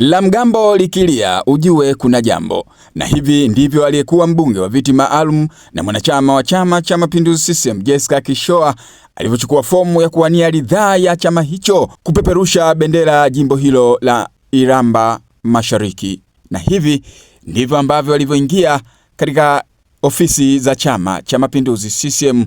La mgambo likilia ujue kuna jambo. Na hivi ndivyo aliyekuwa mbunge wa viti maalum na mwanachama wa Chama cha Mapinduzi CCM Jessica Kishoa alivyochukua fomu ya kuwania ridhaa ya chama hicho kupeperusha bendera jimbo hilo la Iramba Mashariki. Na hivi ndivyo ambavyo alivyoingia katika ofisi za Chama cha Mapinduzi CCM.